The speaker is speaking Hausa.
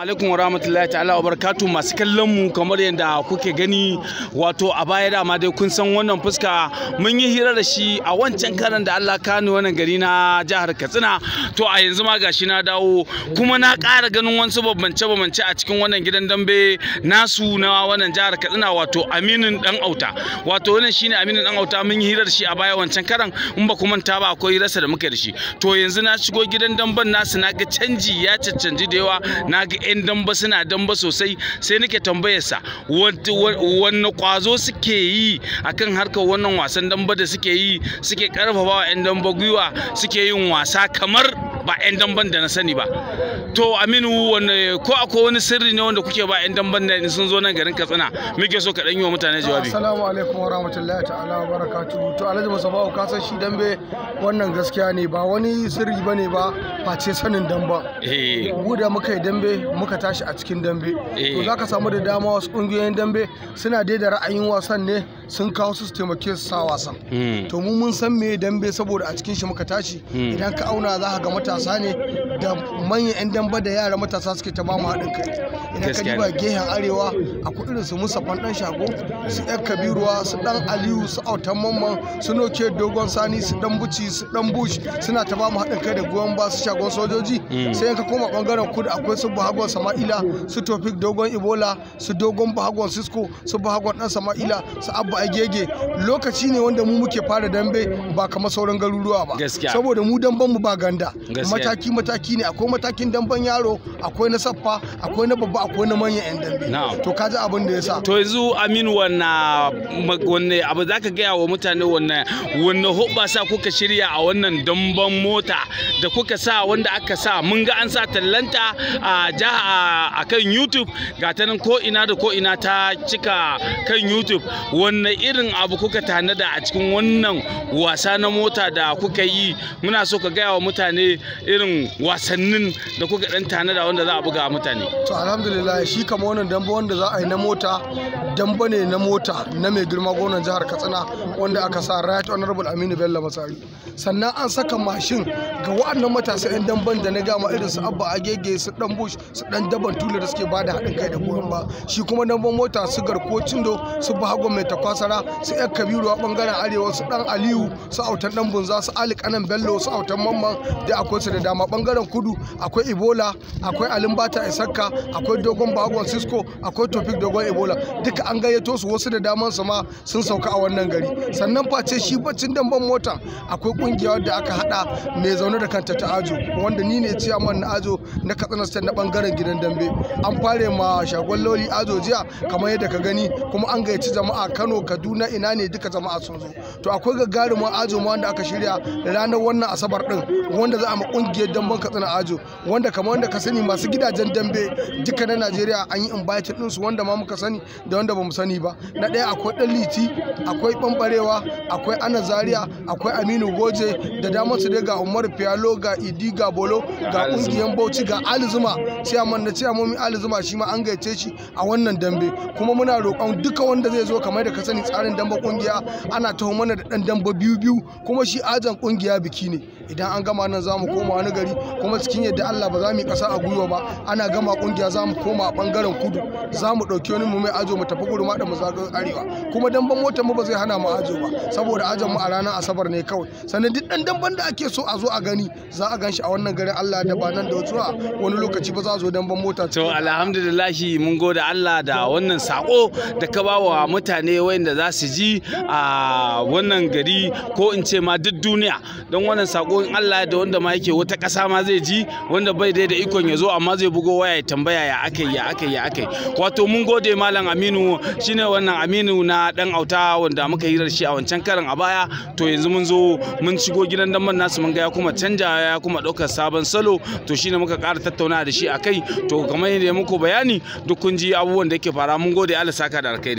alaikum warahmatullahi ta'ala wa barakatu masu kallon mu kamar yadda kuke gani wato a baya da dai kun san wannan fuska mun yi hira da shi a wancan karan da Allah kano wannan gari na jihar Katsina to a yanzu ma gashi na dawo kuma na ƙara ganin wasu babbance babbance a cikin wannan gidan dambe nasu na wannan jihar Katsina wato Aminu dan auta wato wannan shine Aminu dan auta mun yi hira da shi a baya wancan karan in ba ku manta ba akwai rasa da muka da shi to yanzu na shigo gidan damben nasu na ga canji ya cancanci da yawa na ga 'yan damba suna damba sosai sai nake tambayarsa wani kwazo suke yi akan harkar wannan wasan damba da suke yi suke karfafa wa 'yan damba gwiwa suke yin wasa kamar ba 'yan damban da na sani ba to aminu wanda ko akwai wani sirri ne wanda kuke ba 'yan damban da sun zo nan garin katsina muke so ka ɗan yi wa mutane jawabi assalamu alaikum wa rahmatullahi ta'ala wa barakatuh to alhaji musabahu ka san shi dambe wannan gaskiya ne ba wani sirri ba ne ba sanin damba eh. mu da muka yi dambe muka tashi a cikin dambe eh. to za ka samu da dama wasu ƙungiyoyin dambe suna dai da ra'ayin wasan ne sun kawo su su taimake su sa wasan hmm. to mu mun san me dambe saboda a cikin shi muka tashi hmm. idan ka auna za ka ga mata matasa ne da manyan 'yan damba da yara matasa suke ta bamu haɗin kai idan ka diba gehen arewa a kudin su musa dan shago su yan kabiruwa su dan aliyu su autan mamman su noke dogon sani su dan buci su dan bush suna ta bamu haɗin kai da goyon ba su shagon sojoji mm. sai ka koma bangaren kudu akwai su bahagon sama'ila su tofik dogon ibola su dogon bahagon sisko su bahagon dan sama'ila su abba agege lokaci ne wanda mu muke fara dambe ba kamar sauran garuruwa ba saboda mu damban mu ba ganda mataki mataki ne akwai matakin damban yaro akwai na saffa akwai na babba akwai na manyan yan dambe to ka ji abin da ya sa to yanzu aminu wanne abu za ka gaya wa mutane wanne wanne hoɓasa kuka shirya a wannan damban mota da kuka sa wanda aka sa mun ga an sa tallanta a jaha akan kan youtube ga ta nan ko ina da ko ina ta cika kan youtube wanne irin abu kuka tanada a cikin wannan wasa na mota da kuka yi muna so ka gaya wa mutane irin wasannin da kuka dan da wanda za a buga mutane to alhamdulillah shi kama wannan dambe wanda za a yi na mota damba ne na mota na mai girma gonan jihar katsina wanda aka sa right honorable aminu bello masari sannan an saka mashin ga waɗannan matasa 'yan damban da na gama irin su abba gege su dan bush su dan daban tula da suke bada haɗin kai da goyon ba shi kuma damban mota su garko cindo su bahagon mai takwasara su yan kabiru a bangaren arewa su dan aliyu su autan dan bunza su ali kanan bello su autan mamman da akwai su da dama bangaren kudu akwai ebola akwai alimbata isakka akwai dogon bagon cisco akwai topic dogon ebola duka an gayyato su wasu da daman su ma sun sauka a wannan gari sannan face shi baccin damban mota akwai kungiya da aka hada mai zaune da kanta ta ajo wanda ni ne ciyaman na ajo na katsina state na bangaren gidan dambe an fare ma shagon loli ajo jiya kamar yadda ka gani kuma an gayyaci jama'a kano kaduna ina ne duka jama'a sun zo to akwai gagarumin ajo ma wanda aka shirya ranar wannan asabar din wanda za a kungiyar damben katsina ajo wanda kamar wanda ka sani masu gidajen dambe duka na najeriya an yi invite su wanda ma muka sani da wanda ba mu sani ba na ɗaya akwai ɗan liti akwai ɓamɓarewa akwai ana zaria akwai aminu goje da damar su dai ga umar fiyalo ga idi ga bolo ga kungiyar bauchi ga ali zuma ciyaman na ciyamomi ali zuma shi ma an gaice shi a wannan dambe kuma muna roƙon duka wanda zai zo kamar da ka sani tsarin damben kungiya ana taho mana da ɗan damba biyu biyu kuma shi ajan kungiya biki ne idan an gama nan za mu koma wani gari kuma cikin yadda Allah ba za mu yi ƙasa a gwiwa ba ana gama kungiya za mu koma a bangaren kudu za mu ɗauki wani mu mai ajo mu tafi kudu da mu zaga arewa kuma damban motar mu ba zai hana mu ajo ba saboda ajon mu a ranar asabar ne kawai sannan duk dan damban da ake so a zo a gani za a gan a wannan garin Allah da ba nan da zuwa wani lokaci ba za a zo damban mota to alhamdulillah mun gode Allah da wannan sako da ka wa mutane wayanda za su ji a wannan gari ko in ce ma duk duniya don wannan sako in Allah da wanda ma yake yake wata ƙasa ma zai ji wanda bai dai da ikon ya zo amma zai bugo waya ya tambaya ya ake ya ake ya ake wato mun gode malam Aminu shine wannan Aminu na dan auta wanda muka hirar shi a wancan karin a baya to yanzu mun zo mun shigo gidan man nasu mun ga ya kuma canja ya kuma ɗaukar sabon salo to shine muka ƙara tattauna da shi akai to kamar yadda muku bayani duk kun ji abubuwan da yake fara mun gode Allah saka da alkai